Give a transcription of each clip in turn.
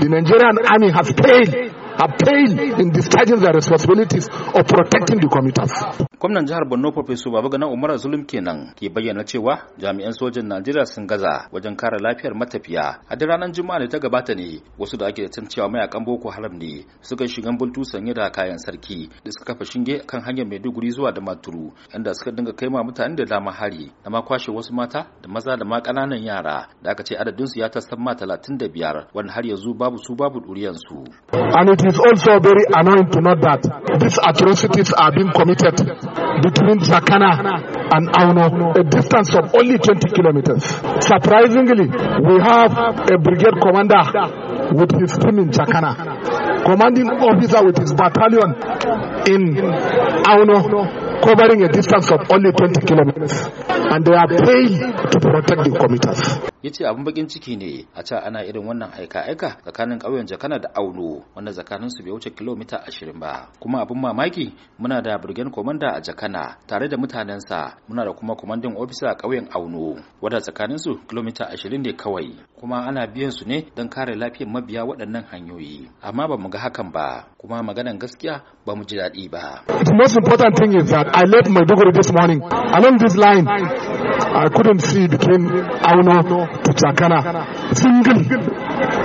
The Nigerian army have failed are paying in discharging their responsibilities of protecting the commuters. Gwamnan jihar Borno Professor Babagana Umar Zulum kenan ke bayyana cewa jami'an sojan Najeriya sun gaza wajen kare lafiyar matafiya. A da ranar Juma'a da ta gabata ne wasu da ake zaton cewa mayakan Boko Haram ne suka shigan bultu sanye da kayan sarki da suka kafa shinge kan hanyar Maiduguri zuwa da Maturu inda suka dinga kai ma mutane da dama hari da ma kwashe wasu mata da maza da ma ƙananan yara da aka ce adadinsu ya tasamma 35 wanda har yanzu babu su babu ɗuriyansu. And it is also very annoying to note that these atrocities are being committed between Sakana and Auno, a distance of only 20 kilometers. Surprisingly, we have a brigade commander with his team in Sakana, commanding officer with his battalion in Auno covering a distance of only 20 kilometers, and they are paid to protect the commuters. ya ce abin bakin ciki ne a ca ana irin wannan aika-aika tsakanin ƙauyen jakana da auno wanda tsakanin su bai wuce kilomita ashirin ba kuma abin mamaki muna da burgen komanda a jakana tare da mutanensa muna da kuma komandin ofisa a ƙauyen auno wanda tsakanin su kilomita ashirin ne kawai kuma ana biyan su ne don kare lafiyar mabiya waɗannan hanyoyi amma ba mu ga hakan ba kuma maganan gaskiya ba mu ji daɗi ba. The most important thing is that I left Maiduguri this morning along this line I couldn't see between Auno to Chakara, single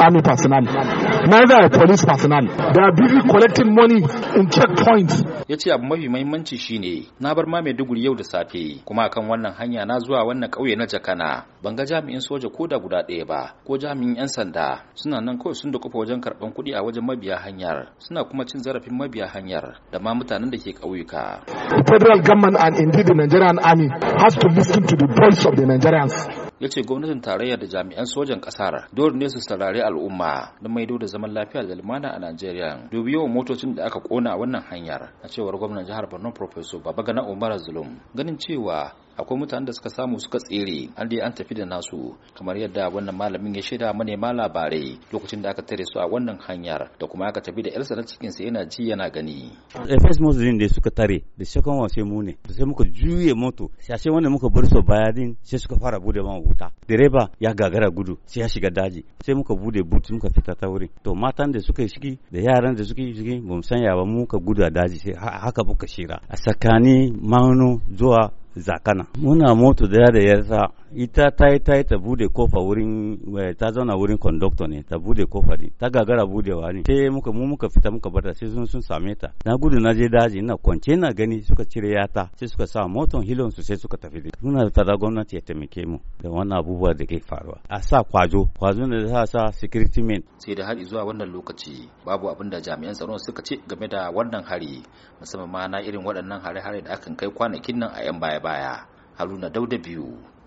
army personnel. Neither a police personnel. They are busy collecting money in checkpoints. Ya ce abu mafi mahimmanci shine na bar ma Maiduguri yau da safe kuma akan wannan hanya na zuwa wannan ƙauye na Jakana ban ga jami'in soja ko da guda ɗaya ba ko jami'in 'yan sanda suna nan kawai sun da kufa wajen karɓan kuɗi a wajen mabiya hanyar suna kuma cin zarafin mabiya hanyar da ma mutanen da ke ƙauyuka. The federal government and indeed the Nigerian army has to listen to the voice of the Nigerians. ya ce gwamnatin tarayya da jami'an sojan kasar dole ne su saurari al'umma don maido da zaman lafiya da lumana a najeriya dubi yawan motocin da aka kona a wannan hanyar a cewar gwamnan jihar borno professor babagana umar zulum ganin cewa akwai mutanen da suka samu suka tsere an dai an tafi da nasu kamar yadda wannan malamin ya shaida manema labarai lokacin da aka tare su a wannan hanyar da kuma aka tafi da yar sanar cikin sa yana ji yana gani efes first muslim da suka tare da second wa sai mu ne sai muka juye moto sai wanda muka bar su baya din sai suka fara bude man wuta direba ya gagara gudu sai ya shiga daji sai muka bude buti muka fita ta wuri to matan da suka shigi da yaran da suka shigi bamu san ya ba muka gudu a daji sai haka muka shira a tsakanin manu zuwa zakana muna moto da ya yarsa ita ta yi ta yi ta bude kofa wurin eh, ta zauna wurin kondokta ne ta bude kofa ne ta gagara budewa ne sai muka mu muka fita muka bata sai sun sun same ta na gudu na je daji ina kwance na gani suka cire yata sai suka sa moton hilon su sai suka tafi muna da gwamnati ya taimake mu da wannan abubuwa da ke faruwa a sa kwazo kwazo da za sa security men sai da har zuwa wannan lokaci babu abin da jami'an tsaron suka ce game da wannan hari musamman ma na irin waɗannan hare-hare da akan kai kwanakin nan a 'yan baya-baya haruna dauda biyu